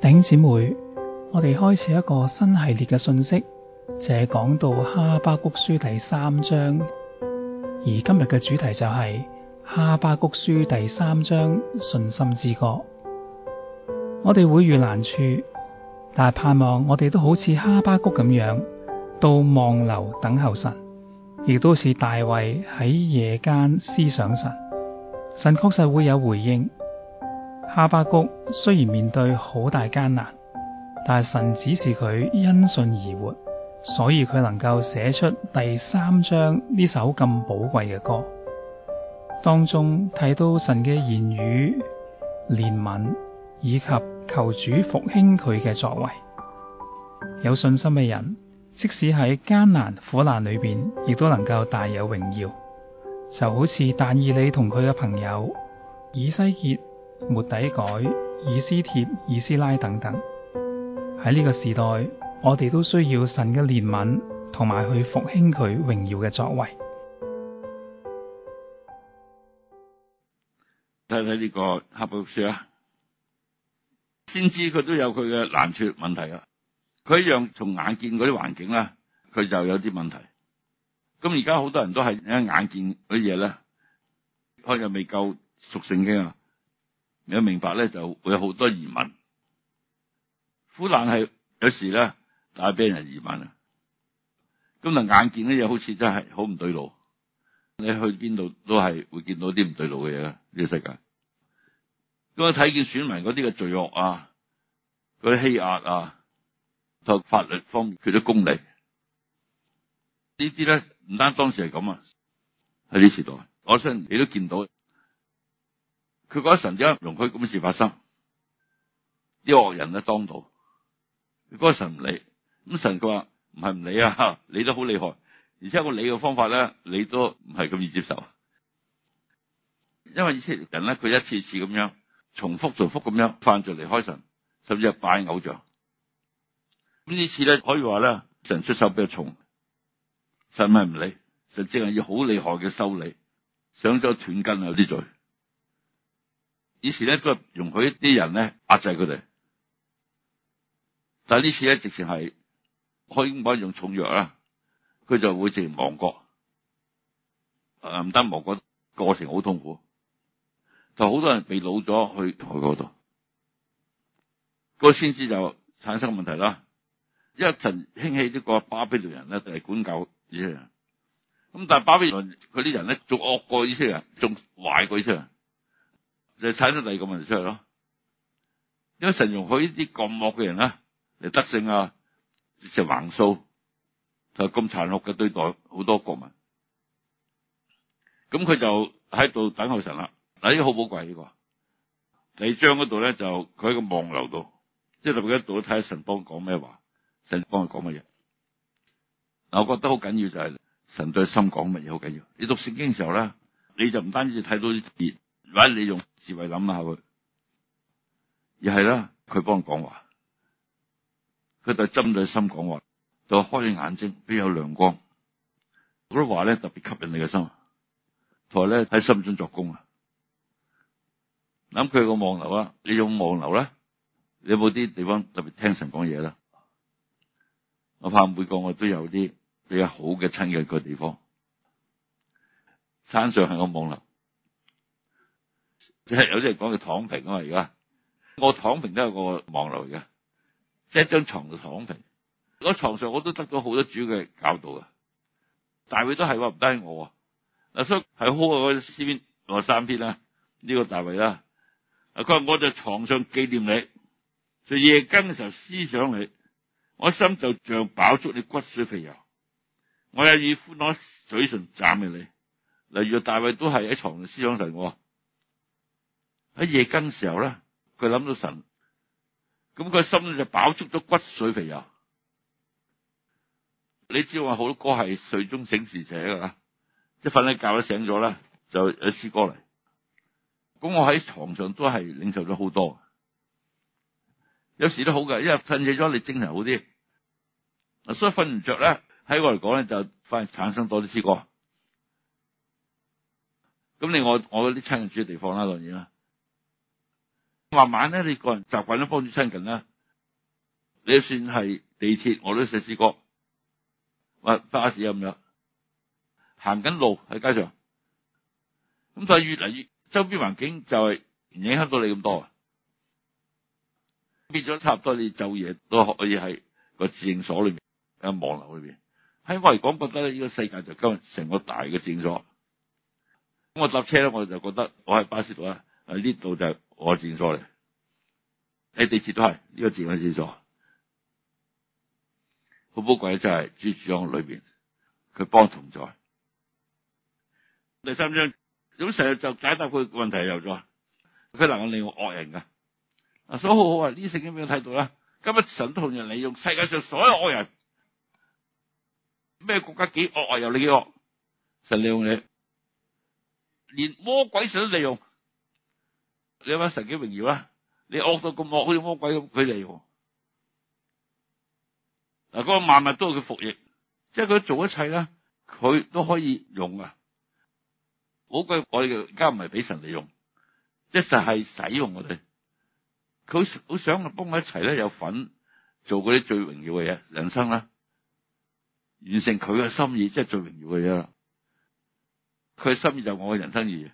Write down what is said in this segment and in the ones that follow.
頂姊妹，我哋開始一個新系列嘅信息，就係、是、講到《哈巴谷書》第三章，而今日嘅主題就係、是《哈巴谷書》第三章信心之歌。我哋會遇難處，但係盼望我哋都好似哈巴谷咁樣，到望樓等候神，亦都似大衛喺夜間思想神。神確實會有回應。哈巴谷雖然面對好大艱難，但係神指示佢因信而活，所以佢能夠寫出第三章呢首咁寶貴嘅歌，當中睇到神嘅言語、憐憫以及求主復興佢嘅作為。有信心嘅人，即使喺艱難苦難裏邊，亦都能夠大有榮耀。就好似但以理同佢嘅朋友以西杰末底改、以斯帖、以斯拉等等，喺呢個時代，我哋都需要神嘅憐憫，同埋去復興佢榮耀嘅作為。睇睇呢個哈巴谷書啊，先知佢都有佢嘅難處問題啊。佢一樣從眼見嗰啲環境咧，佢就有啲問題。咁而家好多人都係睇眼見嗰啲嘢咧，佢又未夠熟聖經嘅。啊。你要明白咧，就會有好多疑問。苦難係有時咧大家俾人疑問啊。咁啊，眼見呢嘢，好似真係好唔對路，你去邊度都係會見到啲唔對路嘅嘢。呢個世界，咁啊，睇見選民嗰啲嘅罪惡啊，嗰啲欺壓啊，喺法律方面缺啲公理。呢啲咧唔單當時係咁啊，喺呢時代，我相信你都見到。佢覺得神點解容許咁嘅事發生？啲惡人咧當道，個神唔理。咁神佢話唔係唔理啊，你都好厲害，而且個理嘅方法咧，你都唔係咁易接受。因為以前人咧，佢一次一次咁樣重複重複咁樣犯罪離開神，甚至係拜偶像。咁呢次咧可以話咧，神出手比較重，神咪唔理，神淨係要好厲害嘅修理，想咗斷根啊，有啲罪。以前咧都係容許一啲人咧壓制佢哋，但係呢次咧直情係可以唔可以用重藥啦，佢就會直然亡國。唔單亡國，過程好痛苦，就好多人被擄咗去台度，個先至就產生問題啦。一陣興起呢個巴比倫人咧，就係管教呢啲人，咁但係巴比倫佢啲人咧仲惡過呢啲人，仲壞過呢啲人。就產生第二個問題出嚟咯。因為神容許呢啲咁惡嘅人啊嚟得勝啊，成橫掃就咁殘酷嘅對待好多國民。咁佢就喺度等候神啦。嗱，呢個好寶貴呢個。第二章嗰度咧，就佢喺個望樓度，即係就佢一度都睇下神幫佢講咩話，神幫佢講乜嘢。嗱，我覺得好緊要就係神對心講乜嘢好緊要。你讀聖經嘅時候咧，你就唔單止睇到啲字。如果你用智慧諗下佢，而係啦，佢幫講話，佢就針對心講話，就開咗眼睛，都有亮光。嗰啲話咧特別吸引你嘅心，同埋咧喺心中作工啊！諗佢個望樓啦，你用望樓咧，你有冇啲地方特別聽神講嘢啦？我怕每個我都有啲比較好嘅親近嘅地方，山上係個望樓。即係有啲人講嘅躺平啊嘛！而家我躺平都有個望落嘅，即係、一張床就躺平。喺床上我都得咗好多主嘅教導啊！大衛都係話唔單係我啊。嗱，所以係好嘅詩篇，我三篇啦、啊，呢、這個大衛啦、啊。佢話：我在床上紀念你，就夜更嘅時候思想你，我心就像飽足你骨髓肥油。我也以歡樂嘴唇讚美你。例如大衛都係喺床上思想上我、啊。喺夜更的時候咧，佢諗到神，咁佢心咧就飽足咗骨髓肥油。你知道我好多歌係睡中醒時寫㗎啦，即係瞓一覺都醒咗咧，就有詩歌嚟。咁我喺床上都係領受咗好多，有時都好㗎，因為瞓醒咗你精神好啲。所以瞓唔着咧，喺我嚟講咧就反而產生多啲詩歌。咁你我我啲親人住嘅地方啦，當然啦。慢慢咧，你個人習慣咗幫住親近啦，你算係地鐵我都試試過，喂、啊、巴士咁樣行緊路喺街上，咁但係越嚟越周邊環境就係唔影響到你咁多啊，變咗差唔多你做嘢都可以喺個守望所裏面，喺望樓裏面。喺我嚟講覺得呢、呢個世界就今日成個大嘅守望所，咁我搭車咧我就覺得我喺巴士度呀，喺呢度就是。我善嚟，你地鐵都係呢個戰哉戰哉，好寶貴就係主講裏邊佢幫同在。第三章咁成日就解答佢問題又再，佢能夠利用惡人噶，啊，所以好好啊，呢聖經點樣睇到啦，今日神同樣利用世界上所有惡人，咩國家幾惡又你幾惡，神利用你，連魔鬼神都利用。你話神幾榮耀啦，你惡到咁惡，好似魔鬼咁佢嚟。喎，嗰個萬物都係佢服役，即係佢做一切咧，佢都可以用啊。好鬼我哋而家唔係俾神嚟用，即係實係使用我哋。佢好想幫我一齊咧，有份做嗰啲最榮耀嘅嘢，人生啦，完成佢嘅心意，即係最榮耀嘅嘢啦。佢嘅心意就係我嘅人生意。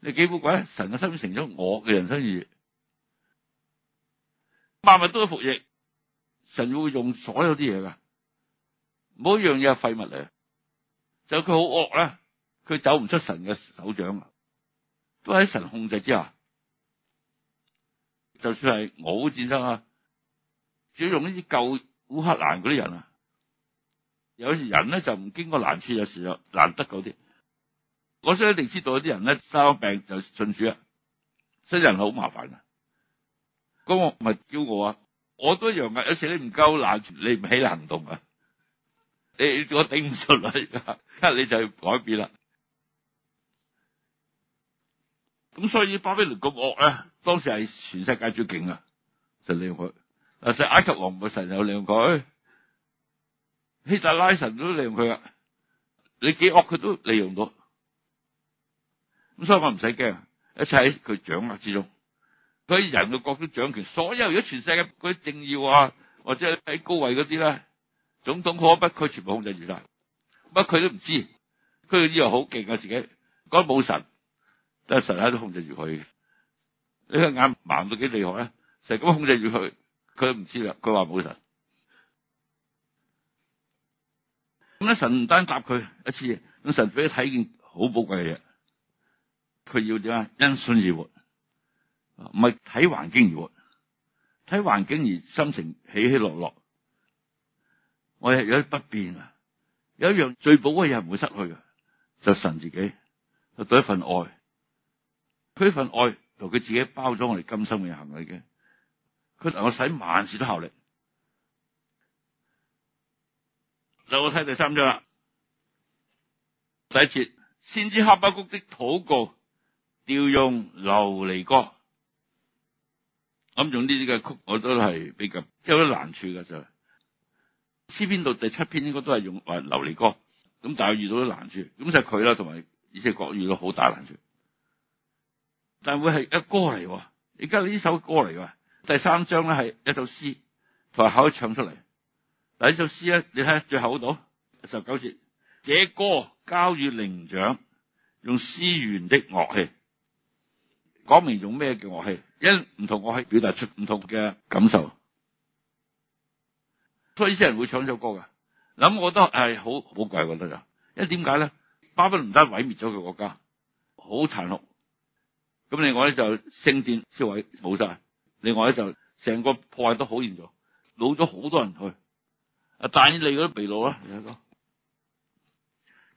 你幾寶貴咧？神嘅心意成咗我嘅人生意義，萬物都係服役。神會用所有啲嘢噶，冇一樣嘢係廢物嚟。就佢好惡啦，佢走唔出神嘅手掌啦，都喺神控制之下。就算係我戰爭啊，主要用啲舊烏克蘭嗰啲人啊，有時候人咧就唔經過難處，有時又難得嗰啲。我想一定知道有啲人咧生咗病就信主啊，所以人好麻煩呀。咁我唔係驕傲啊，我都一樣呀，有時你唔夠懶，你唔起行動啊，你我頂唔出嚟噶，你就要改變啦。咁所以巴比倫咁惡咧，當時係全世界最勁啊，就利用佢。啊，神埃及王嘅神又利用佢，哎，希特拉神都利用佢啊。你幾惡佢都利用到。咁所以我唔使驚，一切喺佢掌握之中。佢人嘅角度掌權，所有如果全世界嗰啲政要啊，或者喺高位嗰啲咧，總統可不佢全部控制住啦。乜佢都唔知，佢以為好勁啊自己，覺得冇神，但係神喺度控制住佢。你個眼盲到幾厲害咧，成日咁控制住佢，佢都唔知啦。佢話冇神。咁咧神唔單答佢一次，咁神俾佢睇件好寶貴嘅嘢。佢要點啊？因信而活，唔係睇環境而活，睇環境而心情起起落落。我有啲不變啊！有一樣最寶嘅嘢，唔會失去嘅，就是、神自己，就對一份愛。佢呢份愛同佢自己包裝我哋今生嘅行為嘅，佢能夠使萬事都效力。咁我睇第三章啦，第一節先知哈巴谷的禱告。調用流離歌，咁用呢啲嘅曲我都係比較即係有啲難處嘅就。詩篇到第七篇應該都係用誒流離歌，咁但係遇到啲難處，咁就佢、係、啦，同埋以色列國遇到好大難處。但係會係一歌嚟，而家呢首歌嚟嘅，第三章咧係一首詩，同埋可以唱出嚟嗱。呢首詩咧，你睇下最後度十九節，這歌交與伶長，用絲弦的樂器。講明用咩嘅樂器，因唔同樂器表達出唔同嘅感受，所以呢，啲人會唱首歌噶。咁我都係好好貴，我覺得啊，因為點解咧？巴比倫得毀滅咗佢國家，好殘酷。咁另外咧就聖殿燒毀冇晒，另外咧就成個破壞都好嚴重，擄咗好多人去。啊，但你都啲被擄啦，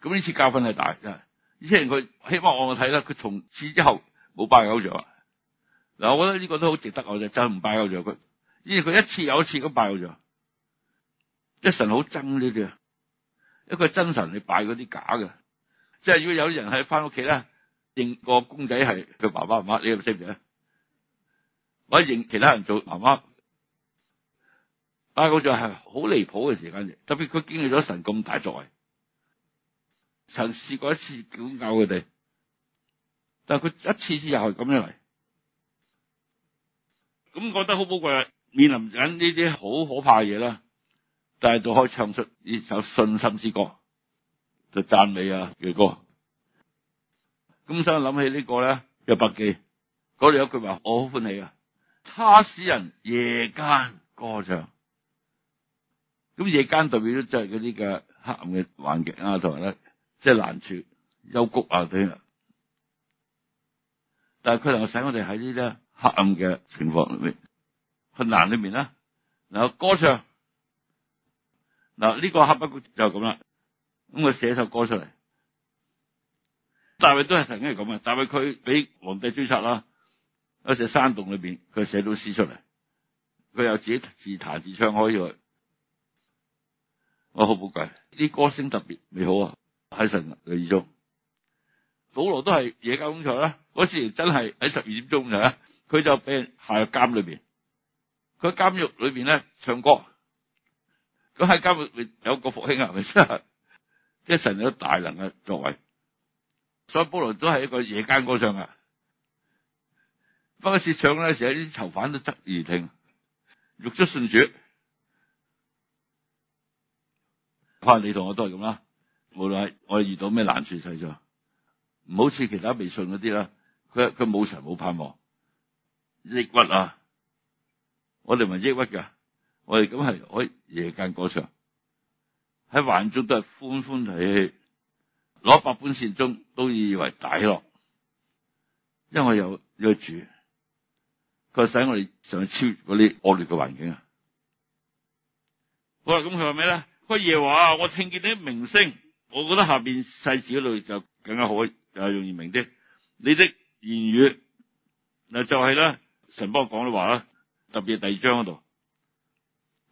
咁呢次教訓係大，真係。啲人佢希望我睇啦，佢從此之後。冇拜偶像啊，嗱，我覺得呢個都好值得我啫，真係唔拜偶像佢，因為佢一次又一次咁拜偶像，即係神好憎呢啲，啊，一個真神你拜嗰啲假嘅，即係如果有人喺翻屋企咧，認個公仔係佢爸爸媽媽，你係識唔識啊？我認其他人做媽媽，拜偶像係好離譜嘅事情，特別佢經歷咗神咁大作為，曾試過一次咁毆佢哋。但佢一次次又係咁樣嚟，咁覺得好寶貴啊！面臨緊呢啲好可怕嘅嘢啦，但係都可以唱出呢首信心之歌，就讚美啊嘅歌。咁想以諗起個呢個咧，百有百伯記嗰度有句話，我好歡喜啊！他使人夜間歌唱，咁夜間代表咗即係嗰啲嘅黑暗嘅環境啊，同埋咧即係難處、幽谷啊等。但係佢能夠使我哋喺呢啲黑暗嘅情況裏面、困難裏面啦，然後歌唱，嗱呢、呢個黑不就咁啦？咁佢寫首歌出嚟，大衛都係曾經係咁嘅。大衛佢俾皇帝追殺啦，佢寫山洞裏面，佢寫到詩出嚟，佢又自己自彈自唱可以去，我好寶貴呢啲歌聲特別美好啊！喺神嘅意中。保羅都係夜間工作啦，嗰時真係喺十二點鐘就佢就俾人下入監裏邊。佢監獄裏邊咧唱歌，咁喺監獄裏面有個復興啊咪先？即係神有大能嘅作為，所以保羅都係一個夜間歌唱啊！不過試唱咧，有時啲囚犯都側耳聽，欲出信主。可能你同我都係咁啦，無論我遇到咩難處，咗。唔好似其他未信嗰啲啦，佢佢冇神冇盼望，抑鬱啊！我哋咪抑鬱噶，我哋咁係可以夜間歌唱，喺環境中都係歡歡喜喜，攞百本線中都以為大咯，因為我有有住，佢使我哋上去超越嗰啲惡劣嘅環境啊！好啦，咁佢話咩咧？佢話耶和華啊，我聽見啲名聲，我覺得下邊細小度就更加好，就係容易明啲。你的言語嗱就係咧，神幫我講嘅話啦，特別第二章嗰度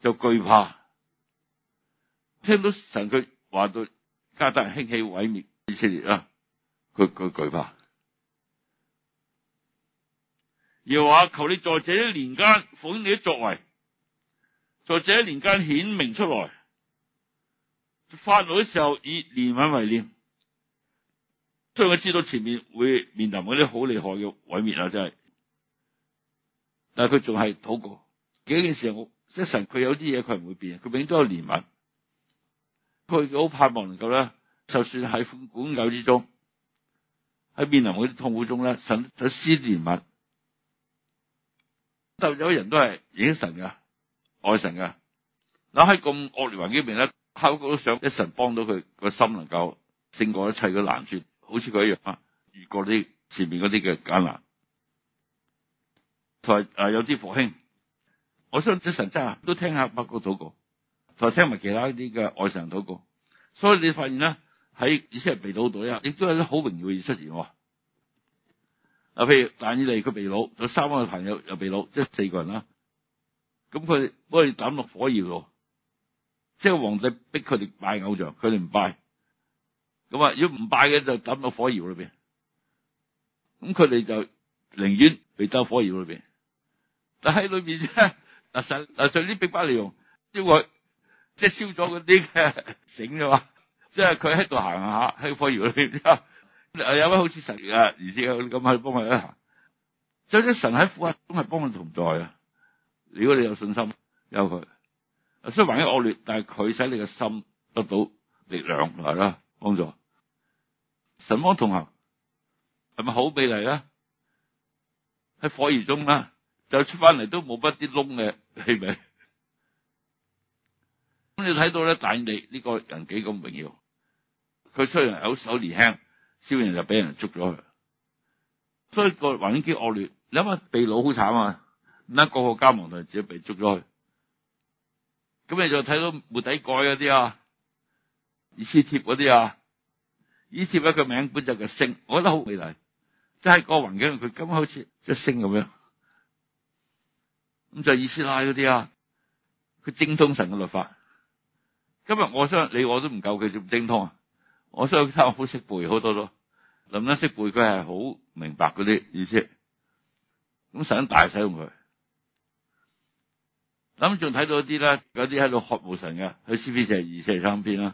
就懼怕，聽到神佢話到加特人興起毀滅以色列啦，佢佢懼怕，又話求你在這一年間復興你啲作為，在這一年間顯明出來，發怒嘅時候以憐憫為念。所以佢知道前面會面臨啲好厲害嘅毀滅啊，真係，但係佢仲係禱告，幾件事我即係神，佢有啲嘢佢唔會變，佢永遠都有憐憫。佢好盼望能夠咧，就算喺管教之中，喺面臨嗰啲痛苦中咧，神就施憐憫。但有人都係影神噶，愛神噶。嗱喺咁惡劣環境入邊咧，佢都想一神幫到佢個心，能夠勝過一切嘅難處。好似佢一樣遇過啲前面嗰啲嘅艱難，同埋有啲復興，我相信啲神真係都聽下北國禱告，同埋聽埋其他啲嘅外神禱告。所以你發現咧，喺以色列被擄到一亦都有啲好榮耀嘅出現喎。譬如但以利佢被擄，有三個朋友又被擄，即係四個人啦。咁佢幫佢抌落火窯喎，即係皇帝逼佢哋拜偶像，佢哋唔拜。咁啊！如果唔拜嘅就抌到火窯裏邊，咁佢哋就寧願去兜火窯裏邊，但喺裏邊啫。阿神，阿神啲兵把利用，即係即係燒咗啲嘅繩啫嘛，即係佢喺度行下喺火窯裏邊啊，有位好似神啊，而且咁去幫佢一行，所以神喺苦厄中係幫佢同在啊！如果你有信心，有佢，雖然環境惡劣，但係佢使你嘅心得到力量，係啦，幫助。神光同行係咪好美麗啊？喺火爐中啦，就出翻嚟都冇乜啲窿嘅，係咪？咁你睇到咧，但以理呢個人幾咁榮耀？佢雖然有手年輕，少人就俾人捉咗佢。所以個環境幾惡劣，你諗下，秘老好慘啊！唔單單個個家亡，就自己被捉咗去。咁你就睇到沒底蓋嗰啲啊，二師貼嗰啲啊。以前一個名本就叫星，我覺得美麗，就是，好美麗，即係個環境佢咁好似即係星咁樣，咁就以斯拉嗰啲啊，佢精通神嘅律法。今日我想你我都唔夠佢咁精通啊，我相信想佢真我好識背好多咯。諗得識背佢係好明白嗰啲意思，咁神大使用佢。咁仲睇到啲啦，嗰啲喺度學無神嘅，佢 CP 就係二四三篇啦。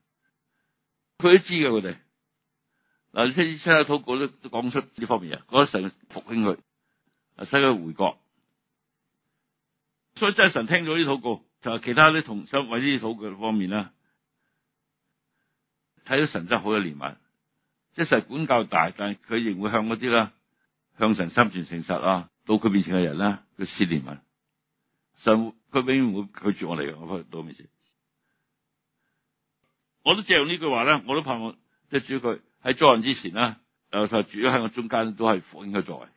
佢都知嘅，佢哋，嗱，你至下他禱告都都講出呢方面啊，覺得神復興佢，啊，使佢回國，所以真係神聽咗呢禱告，就係其他啲同想或者呢啲禱告方面啦，睇到神真係好有憐憫，即係神管教大，但係佢亦會向嗰啲啦，向神心存誠實啊，到佢面前嘅人啦，佢施憐憫，神佢永遠唔會拒絕我嚟嘅，我翻去到面前。我都借用呢句話咧，我都盼望即係主佢喺作人之前啦，就係主喺我中間都係復興嘅作為。